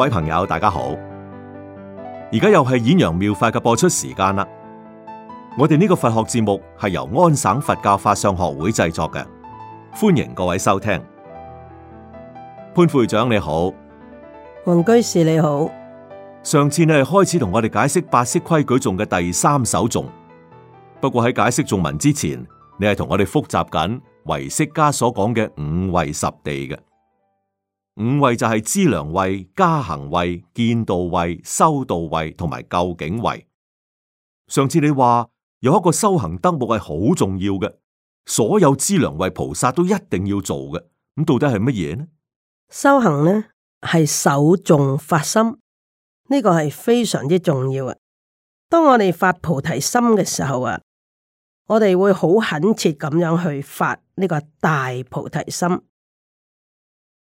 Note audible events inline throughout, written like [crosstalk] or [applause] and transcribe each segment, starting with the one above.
各位朋友，大家好！而家又係《演揚妙，妙法》嘅播出時間啦。我哋呢個佛學節目係由安省佛教法相學會製作嘅，歡迎各位收聽。潘會長你好，黃居士你好。上次你係開始同我哋解釋《八識規矩頌》嘅第三首頌，不過喺解釋頌文之前，你係同我哋復習緊唯識家所講嘅五位十地嘅。五位就係資糧位、加行位、見道位、修道位同埋究竟位。上次你話有一個修行德目係好重要嘅，所有資糧位菩薩都一定要做嘅。咁到底係乜嘢呢？修行呢係首重發心，呢、這個係非常之重要啊！當我哋發菩提心嘅時候啊，我哋會好懇切咁樣去發呢個大菩提心。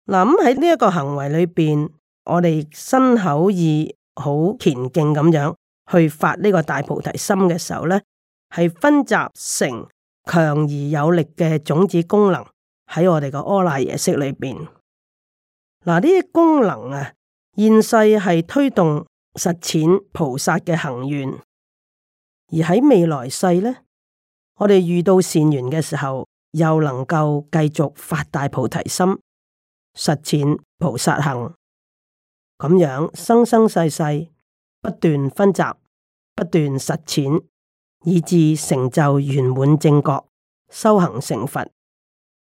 嗱，咁喺呢一個行為裏邊，我哋身口意好虔敬咁樣去發呢個大菩提心嘅時候呢，係分集成強而有力嘅種子功能喺我哋個阿賴耶識裏邊。嗱、嗯，呢啲功能啊，現世係推動實踐菩薩嘅行願，而喺未來世呢，我哋遇到善緣嘅時候，又能夠繼續發大菩提心。實踐菩薩行，咁樣生生世世不斷分集，不斷實踐，以至成就圓滿正覺，修行成佛，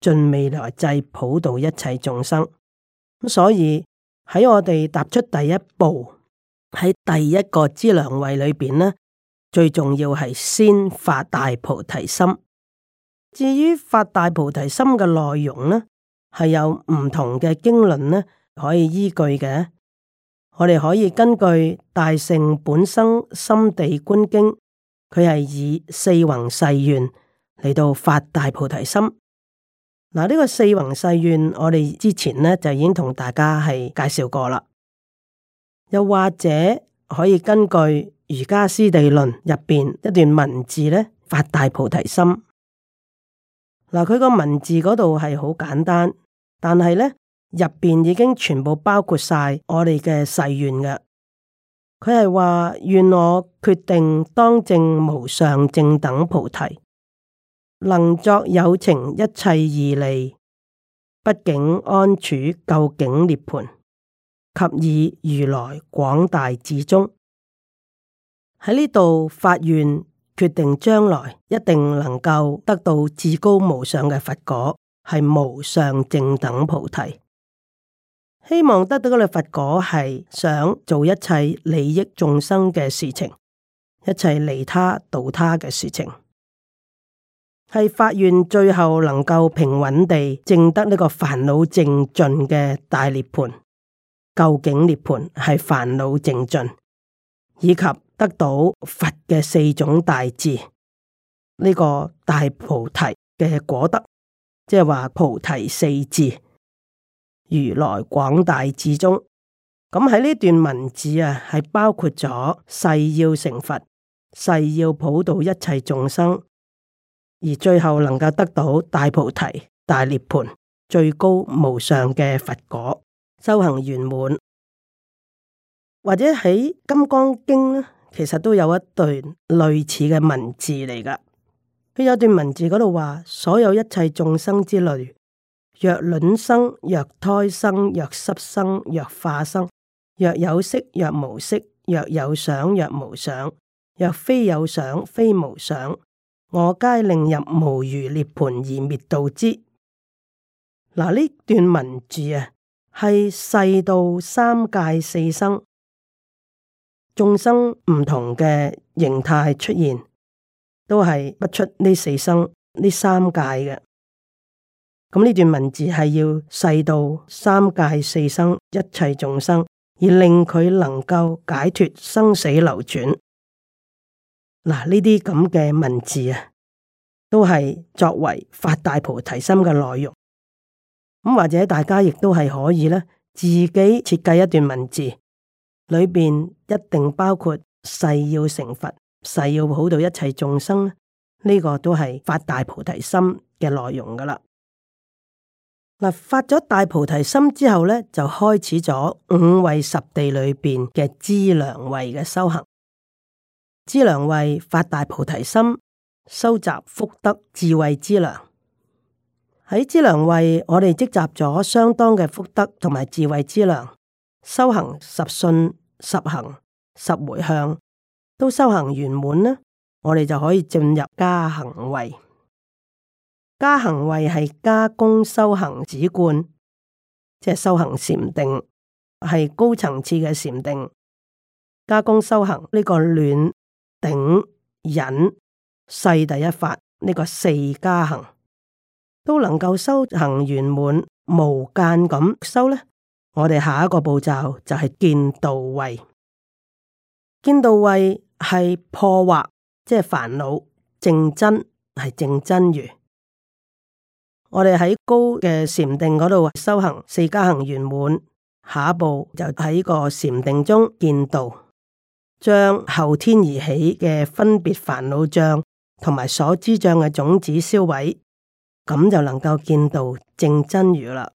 盡未來際普渡一切眾生。咁所以喺我哋踏出第一步，喺第一個資糧位裏邊呢，最重要係先發大菩提心。至於發大菩提心嘅內容呢？係有唔同嘅經論呢，可以依據嘅。我哋可以根據《大乘本生心地觀經》，佢係以四弘誓願嚟到發大菩提心。嗱，呢個四弘誓願，我哋之前呢就已經同大家係介紹過啦。又或者可以根據《瑜伽師地論》入邊一段文字呢，發大菩提心。嗱，佢個文字嗰度係好簡單，但係咧，入邊已經全部包括晒我哋嘅誓願嘅。佢係話，願我決定當證無上正等菩提，能作有情一切義利，畢竟安處究竟涅盤，及以如來廣大至宗。喺呢度發願。決定將來一定能夠得到至高無上嘅佛果，係無上正等菩提。希望得到嗰個佛果，係想做一切利益眾生嘅事情，一切利他度他嘅事情，係發願最後能夠平穩地證得呢個煩惱淨盡嘅大涅盤。究竟涅盤係煩惱淨盡，以及。得到佛嘅四種大智，呢、這個大菩提嘅果德，即係話菩提四智如來廣大智中。咁喺呢段文字啊，係包括咗誓要成佛，誓要普渡一切眾生，而最後能夠得到大菩提、大涅盤、最高無上嘅佛果，修行圓滿，或者喺金剛經啦。其實都有一段類似嘅文字嚟噶，佢有段文字嗰度話：所有一切眾生之類，若卵生，若胎生，若濕生，若化生，若有色，若無色，若有想，若無想，若非有想，非無想，我皆令入無餘涅盤而滅度之。嗱，呢段文字啊，係世道三界四生。眾生唔同嘅形態出現，都係不出呢四生呢三界嘅。咁呢段文字係要細到三界四生，一切眾生，而令佢能夠解脫生死流轉。嗱，呢啲咁嘅文字啊，都係作為發大菩提心嘅內容。咁或者大家亦都係可以啦，自己設計一段文字。裏面一定包括誓要成佛，誓要普渡一切眾生，呢、這個都係發大菩提心嘅內容噶啦。嗱，發咗大菩提心之後呢，就開始咗五位十地裏面嘅資糧位嘅修行。資糧位發大菩提心，收集福德智慧資糧。喺資糧位，我哋積集咗相當嘅福德同埋智慧資糧，修行十信。十行十回向都修行圓滿呢，我哋就可以進入加行位。加行位係加功修行止觀，即係修行禪定，係高層次嘅禪定。加功修行呢、呢個暖頂忍世第一法呢、呢個四加行都能夠修行圓滿，無間咁修呢，我哋下一個步驟就係見道位，見道位係破惑，即係煩惱，正真係正真如。我哋喺高嘅禪定嗰度修行四加行圓滿，下一步就喺個禪定中見道，將後天而起嘅分別煩惱障同埋所知障嘅種子燒毀，咁就能夠見到正真如啦。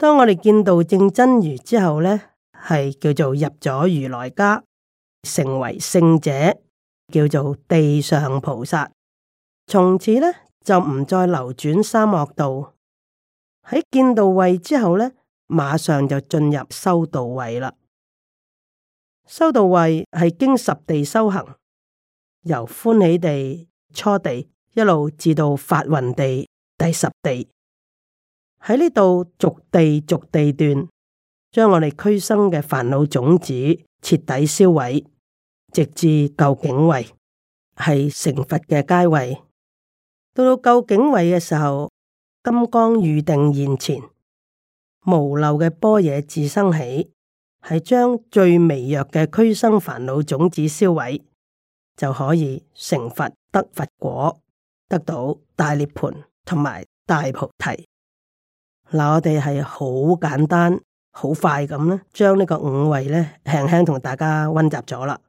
當我哋見到正真如之後咧，係叫做入咗如來家，成為聖者，叫做地上菩薩。從此咧，就唔再流轉三惡道。喺見到位之後咧，馬上就進入修道位啦。修道位係經十地修行，由歡喜地、初地一路至到法雲地第十地。喺呢度逐地逐地斷，將我哋驅生嘅煩惱種子徹底燒毀，直至究竟位，係成佛嘅階位。到到究竟位嘅時候，金剛喻定現前，無漏嘅般若自生起，係將最微弱嘅驅生煩惱種子燒毀，就可以成佛得佛果，得到大涅盤同埋大菩提。嗱，我哋係好簡單、好快咁呢，將呢個五位呢輕輕同大家溫習咗啦。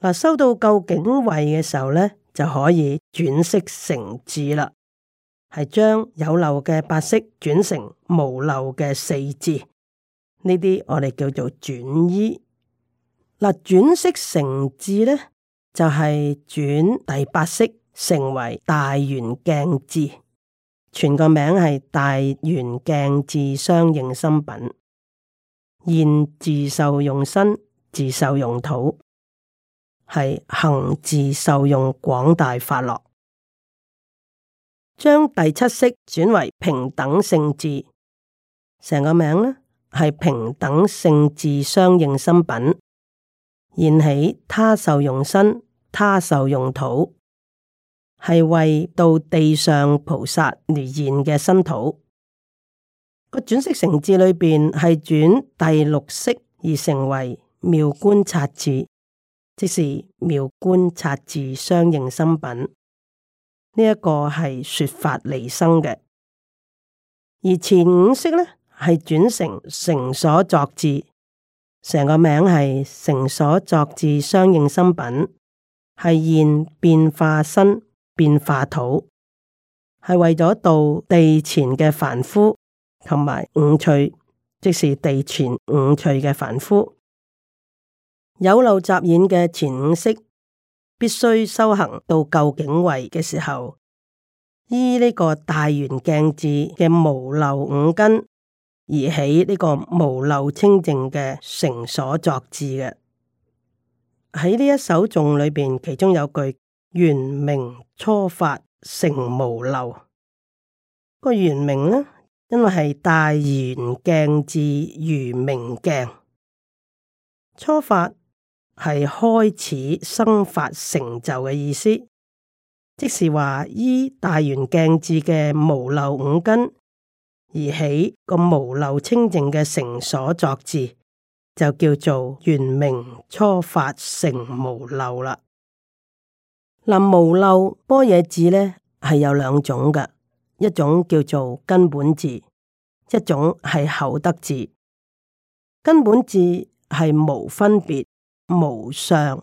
嗱，收到究竟位嘅時候呢，就可以轉識成智啦。係將有漏嘅八識轉成無漏嘅四智，呢啲我哋叫做轉依。嗱，轉識成智呢，就係、是、轉第八識成為大圓鏡智。全個名係大圓鏡智相應心品，現自受用身，自受用土，係行自受用廣大法樂。將第七識轉為平等性智，成個名咧係平等性智相應心品，現起他受用身，他受用土。係為到地上菩薩而現嘅身土。這個轉識成智裏邊係轉第六識而成為妙觀察智，即是妙觀察智相應心品呢一，這個係說法離生嘅，而前五識呢係轉成成所作智，成個名係成所作智相應心品，係現變化身。變化土係為咗度地前嘅凡夫同埋五趣，即是地前五趣嘅凡夫有漏雜染嘅前五識必須修行到究竟位嘅時候，依呢個大圓鏡智嘅無漏五根而起呢個無漏清淨嘅成所作智嘅。喺呢一首頌裏邊，其中有句。圓明初發成無漏，個圓明呢，因為係大圓鏡智如明鏡。初發係開始生發成就嘅意思，即是話依大圓鏡智嘅無漏五根而起個無漏清淨嘅成所作智，就叫做圓明初發成無漏啦。那無漏般若智呢，係有兩種嘅，一種叫做根本智，一種係後得智。根本智係無分別、無相、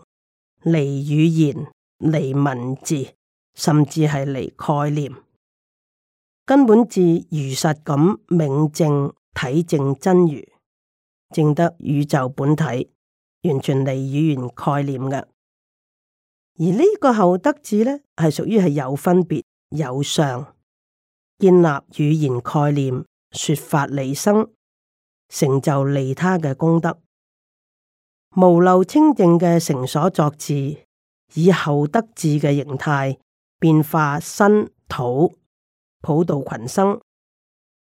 離語言、離文字，甚至係離概念。根本智如實咁明證、體證真如，證得宇宙本體，完全離語言概念嘅。而呢個後得智呢，係屬於係有分別、有相建立語言概念、說法利生、成就利他嘅功德，無漏清淨嘅成所作智，以後得智嘅形態變化身土，普度群生，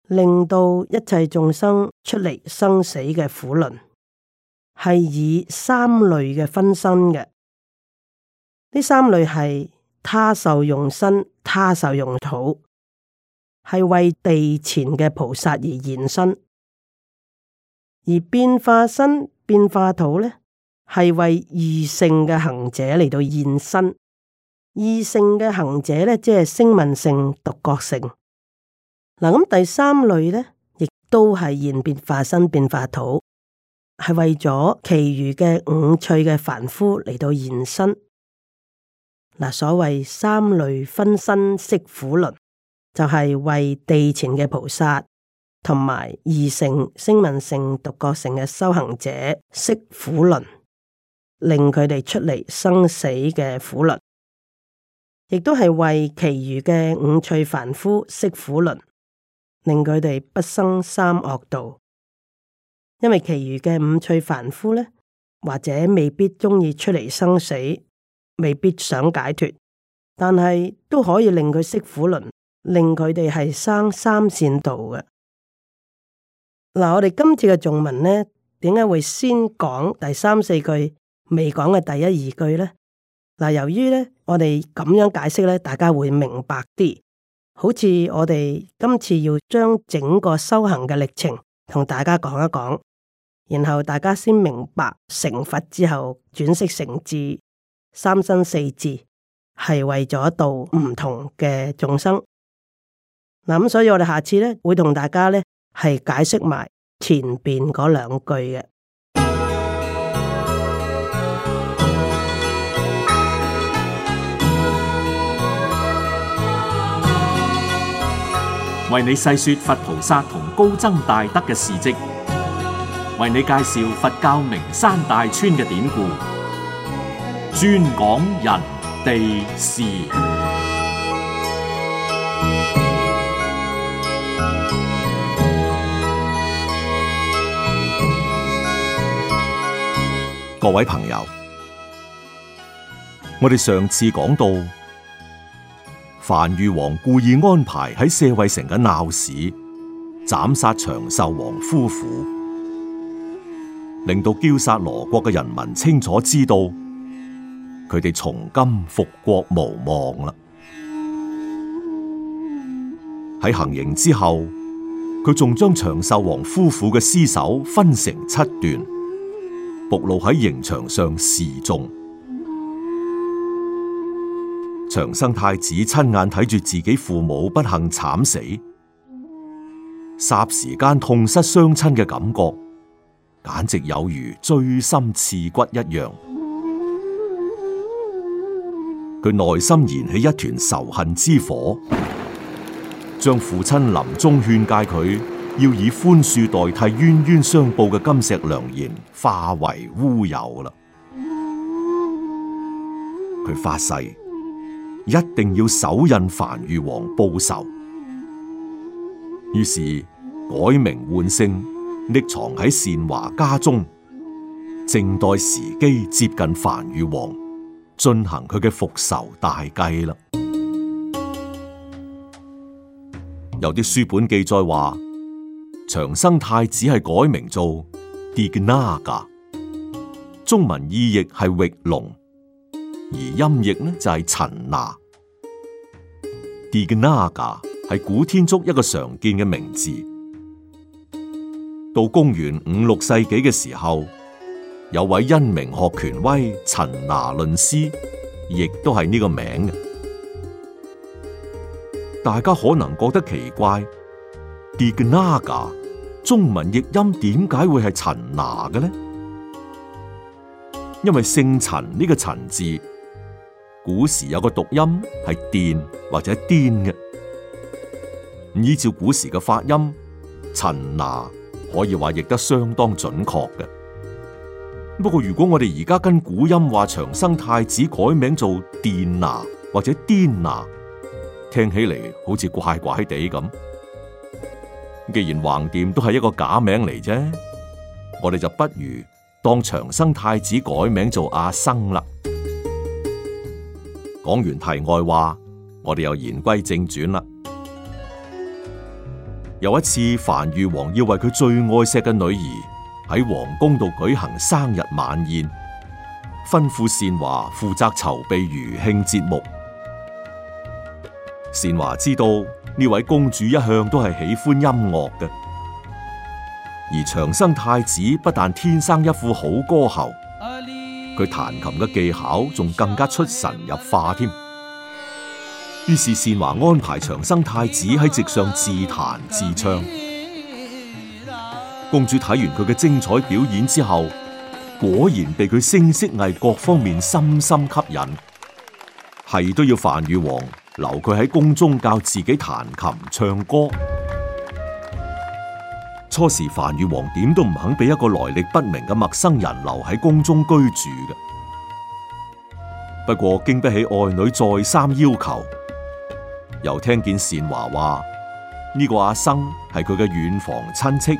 令到一切眾生出離生死嘅苦輪，係以三類嘅分身嘅。呢三類係他受用身、他受用土，係為地前嘅菩薩而現身；而變化身、變化土咧，係為二乘嘅行者嚟到現身。二乘嘅行者咧，即係聲聞乘、獨覺乘。嗱，咁第三類咧，亦都係現變化身、變化土，係為咗其餘嘅五趣嘅凡夫嚟到現身。嗱，所謂三類分身息苦輪，就係、是、為地前嘅菩薩同埋二乘聲聞乘、獨覺乘嘅修行者息苦輪，令佢哋出嚟生死嘅苦輪；亦都係為其餘嘅五趣凡夫息苦輪，令佢哋不生三惡道。因為其餘嘅五趣凡夫呢，或者未必中意出嚟生死。未必想解脫，但係都可以令佢識苦輪，令佢哋係生三善道嘅。嗱、嗯，我哋今次嘅頌文咧，點解會先講第三四句，未講嘅第一二句咧？嗱、嗯，由於咧我哋咁樣解釋咧，大家會明白啲。好似我哋今次要將整個修行嘅歷程同大家講一講，然後大家先明白成佛之後轉識成智，三身四智，係為咗度唔同嘅眾生。嗱、咁所以我哋下次咧，會同大家咧，係解釋埋前邊嗰兩句嘅，為你細說佛菩薩同高僧大德嘅事跡，為你介紹佛教名山大川嘅典故。專講人地事。 [noise] 各位朋友，我哋上次講到，梵豫王故意安排喺舍衛城嘅鬧市斬殺長壽王夫婦，令到憍薩羅國嘅人民清楚知道。佢哋從今復國無望啦！喺行刑之後，佢仲將長壽王夫婦嘅屍首分成七段，暴露喺刑場上示眾。長生太子親眼睇住自己父母不幸慘死，霎時間痛失雙親嘅感覺，簡直有如錐心刺骨一樣。佢內心燃起一團仇恨之火，將父親臨終勸誡佢要以寬恕代替冤冤相報嘅金石良言化為烏有啦。佢發誓一定要手刃梵豫王報仇，於是改名換姓，匿藏喺善華家中，靜待時機，接近梵豫王，進行佢嘅復仇大計啦。有啲書本記載話，長生太子係改名做 Dignaga，中文意譯係域龍，而音譯呢就係陳那」。Dignaga 係古天竺一個常見嘅名字。到公元五六世紀嘅時候，有位因明學權威陳拿論師，亦都係呢個名嘅。大家可能覺得奇怪，Dignaga 中文譯音點解會係陳拿嘅呢？因為姓陳呢個陳字，古時有個讀音係電或者癲嘅。依照古時嘅發音，陳拿可以話譯得相當準確嘅。不過，如果我哋而家跟古音話長生太子改名做殿娜或者癲娜，聽起嚟好似怪怪地咁。既然橫掂都係一個假名嚟啫，我哋就不如當長生太子改名做阿生啦。講完題外話，我哋又言歸正傳啦。有一次，梵豫王要為佢最愛錫嘅女兒，喺皇宮度舉行生日晚宴，吩咐善華負責籌備餘興節目。善華知道呢位公主一向都係喜歡音樂嘅，而長生太子不但天生一副好歌喉，佢彈琴嘅技巧仲更加出神入化添。於是善華安排長生太子喺席上自彈自唱。公主睇完佢嘅精彩表演之後，果然被佢聲色藝各方面深深吸引，係都要范宇王留佢喺宮中教自己彈琴唱歌。初時范宇王點都唔肯俾一個來歷不明嘅陌生人留喺宮中居住嘅，不過經不起愛女再三要求，又聽見善華話呢個阿生係佢嘅遠房親戚。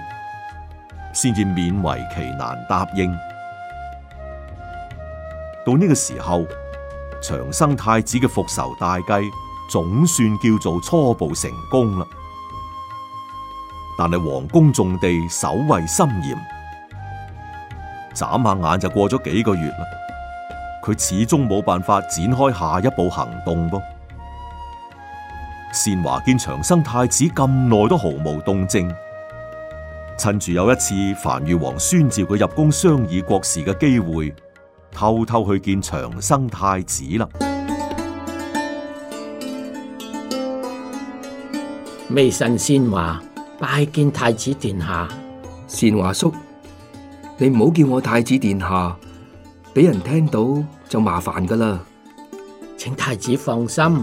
先至勉為其難答應。到呢個時候，長生太子嘅復仇大計總算叫做初步成功啦。但係皇宮重地深嚴，守衛森嚴，眨下眼就過咗幾個月啦。佢始終冇辦法展開下一步行動噃。善華見長生太子咁耐都毫無動靜。趁住有一次樊御王宣召佢入宮商議國事嘅機會，偷偷去見長生太子啦。微臣先華拜見太子殿下。善華叔，你唔好叫我太子殿下，俾人聽到就麻煩噶啦。請太子放心，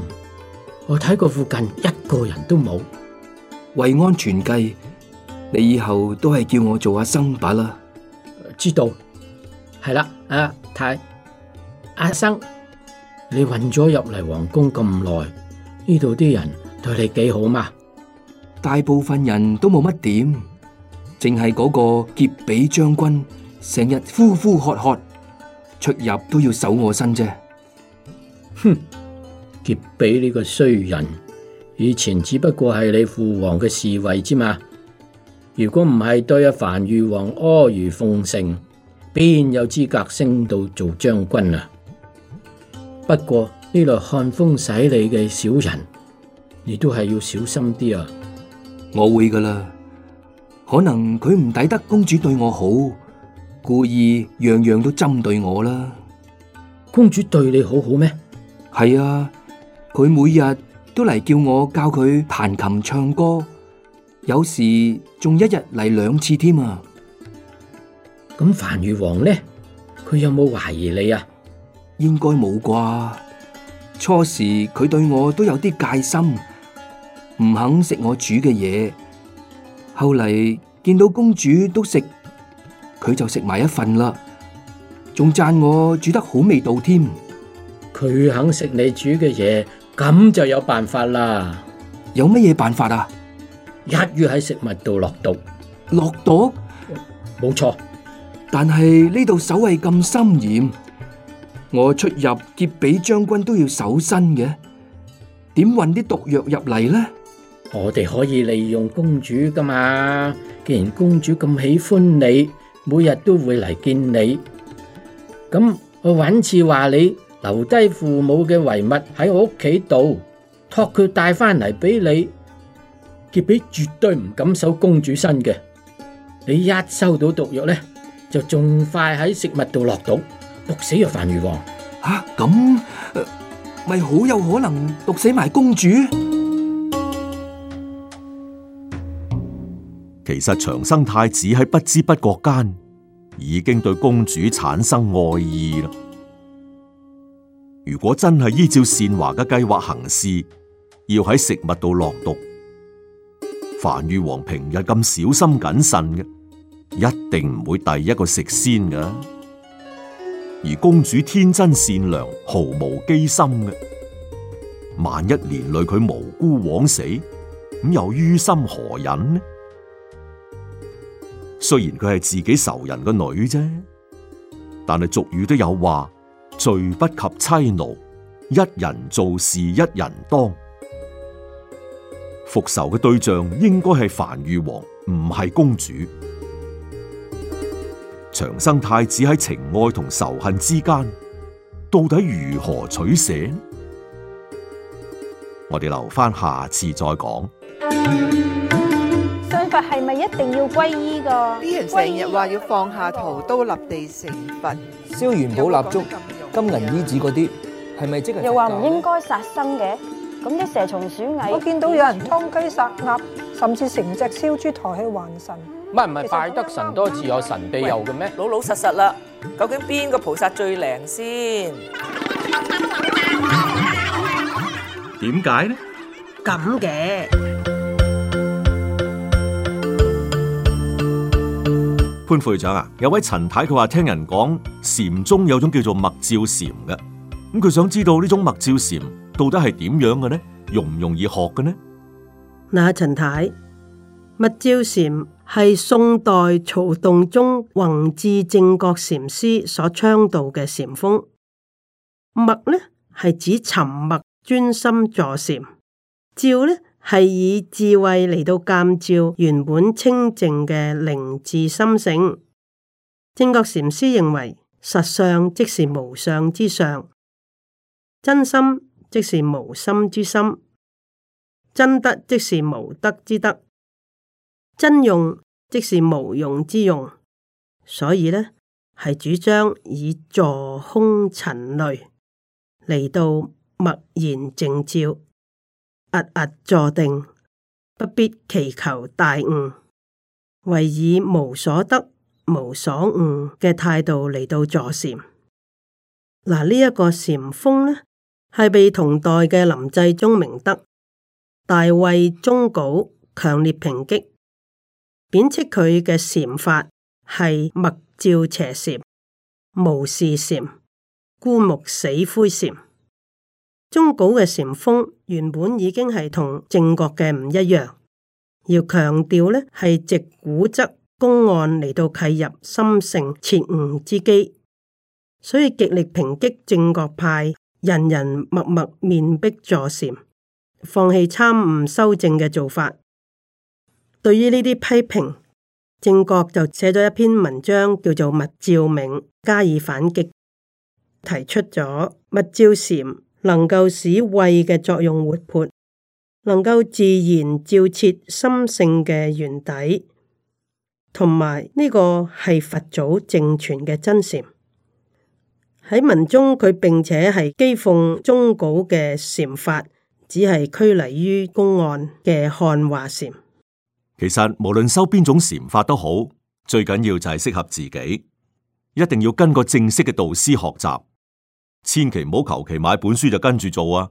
我睇過附近一個人都冇，為安全計。你以後都係叫我做阿生把啦。知道係啦。阿太。阿生，你混咗入嚟皇宮咁耐，呢度啲人對你幾好嘛？大部分人都冇乜點，淨係嗰個劫比將軍成日呼呼喝喝，出入都要守我身啫。哼，劫比呢個衰人，以前只不過係你父皇嘅侍衛之嘛。如果唔係對阿樊玉王阿諛奉承，邊有資格升到做將軍啊？不過呢個看風使嚟嘅小人，你都係要小心啲啊！我會噶啦。可能佢唔抵得公主對我好，故意樣樣都針對我啦。公主對你好好咩？係啊，佢每日都嚟叫我教佢彈琴唱歌。有時仲一日嚟兩次添啊！咁梵豫王呢？佢有冇懷疑你啊？應該冇啩。初時佢對我都有啲戒心，唔肯食我煮嘅嘢。後嚟見到公主都食，佢就食埋一份啦，仲讚我煮得好味道添。佢肯食你煮嘅嘢，咁就有辦法啦。有乜嘢辦法啊？一於喺食物度落毒。落毒冇錯。但係呢度守衛咁森嚴，我出入接俾將軍都要搜身嘅，點運啲毒藥入嚟呢？我哋可以利用公主噶嘛？既然公主咁喜歡你，每日都會嚟見你，咁我搵次話你留低父母嘅遺物喺我屋企度，託佢帶翻嚟俾你。亦比絕對唔敢守公主身嘅，你一收到毒藥呢，就仲快喺食物度落毒，毒死咗梵豫王吓，咁咪好有可能毒死埋公主。其實長生太子喺不知不覺間已經對公主產生愛意啦。如果真係依照善華嘅計劃行事，要喺食物度落毒。凡豫王平日咁小心謹慎嘅，一定唔會第一個食先嘅。而公主天真善良，毫無機心嘅，萬一連累佢無辜枉死，咁又於心何忍呢？雖然佢係自己仇人嘅女啫，但係俗語都有話：罪不及妻奴，一人做事，一人當。復仇嘅對象應該係梵豫王，唔係公主。長生太子喺情愛同仇恨之間，到底如何取捨？我哋留翻下，下次再講。信佛係咪一定要皈依噶？呢啲人成日話要放下屠刀立地成佛，燒元寶蠟燭、金銀衣紙嗰啲，係咪即係又話說唔才說 應該殺生嘅？咁啲蛇蟲鼠蟻，我見到有人劏雞殺鴨，甚至成隻燒豬抬起還神。唔係唔係，拜得神多自有神庇佑嘅咩？老老實實啦，究竟邊個菩薩最靈先？點解呢？咁嘅潘副會長啊，有位陳太佢話聽人講禪宗有種叫做默照禪嘅，咁佢想知道呢種默照禪。到底係點樣嘅呢？容唔容易學嘅呢？嗱，陳太默照禪係宋代曹洞宗弘智正覺禪師所倡導嘅禪風。默呢係指沉默專心坐禪，照呢係以智慧嚟到鑒照原本清淨嘅靈智心性。正覺禪師認為實相即是無相之相真心，即是無心之心，真德即是無德之德，真用即是無用之用。所以呢，係主張以坐空塵累嚟到默然靜照，壓壓坐定，不必祈求大悟，為以無所得、無所悟嘅態度嚟到坐禪。嗱，呢一個禪風呢。係被同代嘅臨濟宗明德、大慧宗杲強烈抨擊，貶斥佢嘅禪法係默照邪禪、無事禪、枯木死灰禪。宗杲嘅禪風原本已經係同正覺嘅唔一樣，要強調呢係藉古則公案嚟到契入心性徹悟之機，所以極力抨擊正覺派。人人默默面壁坐禪，放棄參悟修正嘅做法。對於呢啲批評，正覺就寫咗一篇文章，叫做《默照銘》，加以反擊，提出咗默照禪能夠使慧嘅作用活潑，能夠自然照徹心性嘅原底，同埋呢個係佛祖正傳嘅真禪。喺文中，佢並且係譏諷宗杲嘅禪法，只係拘泥於公案嘅看話禪。其實無論修邊種禪法都好，最緊要就係適合自己，一定要跟個正式嘅導師學習，千祈唔好求其買本書就跟住做啊！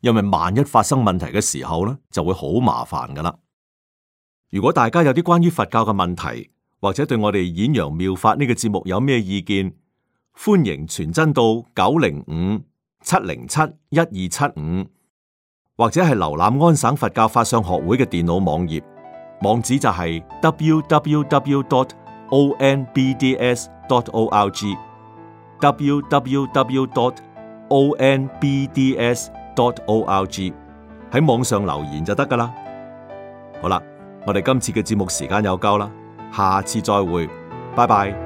因為萬一發生問題嘅時候咧，就會好麻煩噶啦。如果大家有啲關於佛教嘅問題，或者對我哋演揚妙法呢個節目有咩意見？歡迎傳真到九零五七零七一二七五，75, 或者係瀏覽安省佛教法相學會嘅電腦網頁，網址就係 www.onbds.org，www.onbds.org 喺網上留言就得噶啦。好啦，我哋今次嘅節目時間又夠啦，下次再會，拜拜。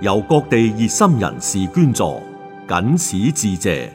由各地熱心人士捐助，謹此致謝。